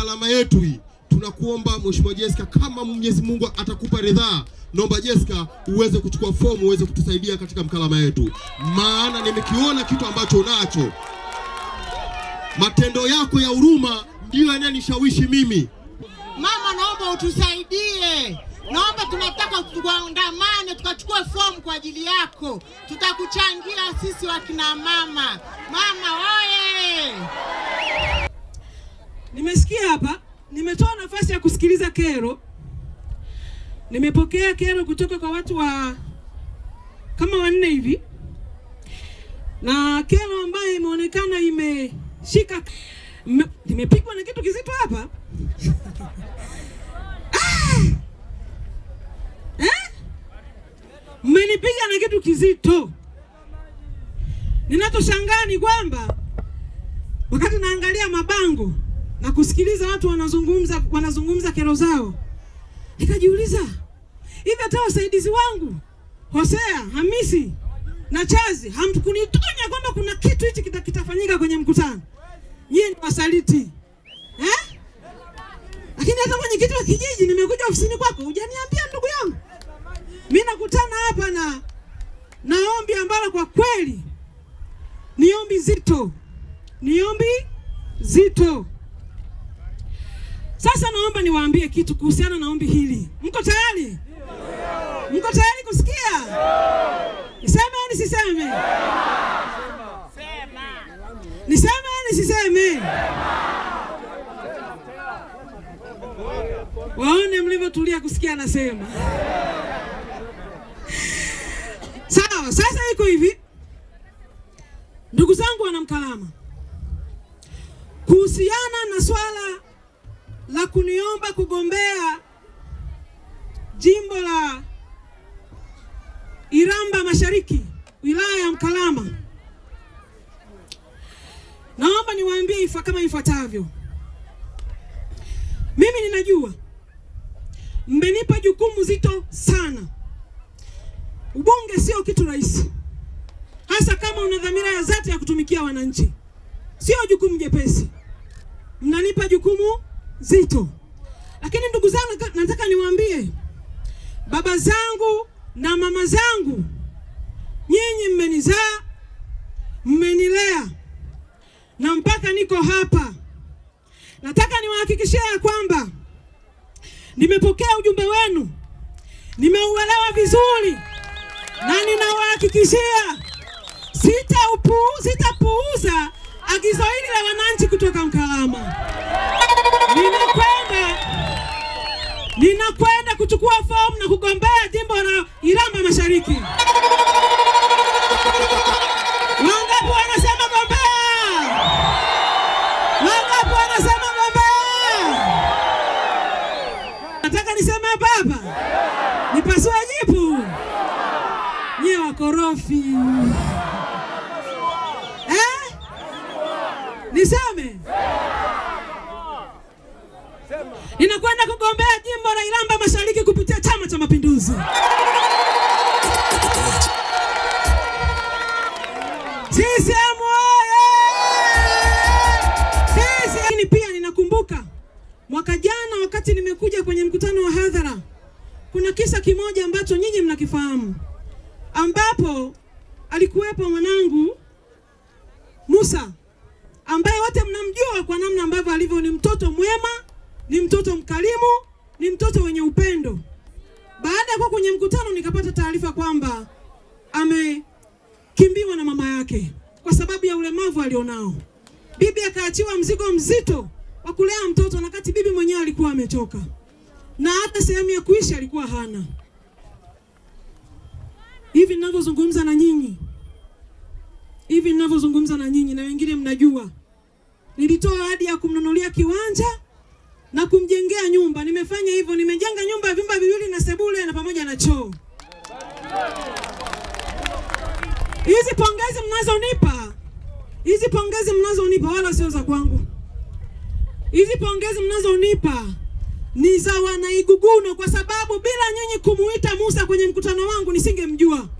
alama yetu hii, tunakuomba Mheshimiwa Jesca, kama Mwenyezi Mungu atakupa ridhaa, naomba Jesca uweze kuchukua fomu uweze kutusaidia katika mkalama yetu, maana nimekiona kitu ambacho unacho. Matendo yako ya huruma ndiyo yananishawishi mimi. Mama, naomba utusaidie, naomba tunataka tukuandamane, tukachukua fomu kwa ajili yako, tutakuchangia sisi wakina mama. Mama oye! Nimesikia hapa, nimetoa nafasi ya kusikiliza kero. Nimepokea kero kutoka kwa watu wa kama wanne hivi, na kero ambayo imeonekana imeshika, nimepigwa na kitu kizito hapa ah! eh? mmenipiga na kitu kizito. Ninachoshangaa ni kwamba wakati naangalia mabango na kusikiliza watu wanazungumza wanazungumza kero zao, nikajiuliza hivi, hata wasaidizi wangu Hosea, Hamisi na Chazi hamkunitonya kwamba kuna kitu hichi kita, kitafanyika kwenye mkutano. Nyie ni wasaliti eh? Lakini hata mwenyekiti wa kijiji, nimekuja ofisini kwako hujaniambia ndugu yangu. Mimi nakutana hapa na na ombi ambalo kwa kweli ni ombi zito, ni ombi zito. Sasa naomba niwaambie kitu kuhusiana na ombi hili. Mko tayari? Mko tayari kusikia? Niseme au nisiseme? Niseme au nisiseme? Waone mlivyotulia kusikia anasema. Sawa, sasa iko hivi. Ndugu zangu wana Mkalama, kuhusiana na swala kuniomba kugombea jimbo la Iramba Mashariki, wilaya ya Mkalama. Naomba niwaambie ifa kama ifuatavyo. Mimi ninajua mmenipa jukumu zito sana. Ubunge sio kitu rahisi, hasa kama una dhamira ya dhati ya kutumikia wananchi. Sio jukumu jepesi, mnanipa jukumu zito. Lakini ndugu zangu, nataka niwaambie baba zangu na mama zangu, nyinyi mmenizaa, mmenilea na mpaka niko hapa. Nataka niwahakikishie ya kwamba nimepokea ujumbe wenu, nimeuelewa vizuri, na ninawahakikishia sitapuuza sitapuuza agizo hili la wananchi kutoka Mkalama. ninakwenda kuchukua fomu na kugombea jimbo la Iramba Mashariki. Wangapi wanasema gombea? Wangapi wanasema gombea? Nataka niseme baba, nipasue jipu nyie wakorofi eh? Niseme ninakwenda kugombea Iramba Mashariki kupitia Chama cha Mapinduzi. CCM Pia ninakumbuka mwaka jana wakati nimekuja kwenye mkutano wa hadhara, kuna kisa kimoja ambacho nyinyi mnakifahamu, ambapo alikuwepo mwanangu Musa ambaye wote mnamjua kwa namna ambavyo alivyo, ni mtoto mwema, ni mtoto mkarimu mtoto wenye upendo. Baada ya kuwa kwenye mkutano, nikapata taarifa kwamba amekimbiwa na mama yake kwa sababu ya ulemavu alionao. Bibi akaachiwa mzigo mzito wa kulea mtoto, na kati bibi mwenyewe alikuwa amechoka na hata sehemu ya kuishi alikuwa hana. Hivi ninavyozungumza na nyinyi, hivi ninavyozungumza na nyinyi, na wengine mnajua, nilitoa ahadi ya kumnunulia kiwanja na kumjengea nyumba. Nimefanya hivyo, nimejenga nyumba ya vyumba viwili na sebule na pamoja na choo. Hizi pongezi mnazonipa, hizi pongezi mnazonipa wala sio za kwangu. Hizi pongezi mnazonipa ni za wanaiguguno kwa sababu bila nyinyi kumuita Musa kwenye mkutano wangu nisingemjua.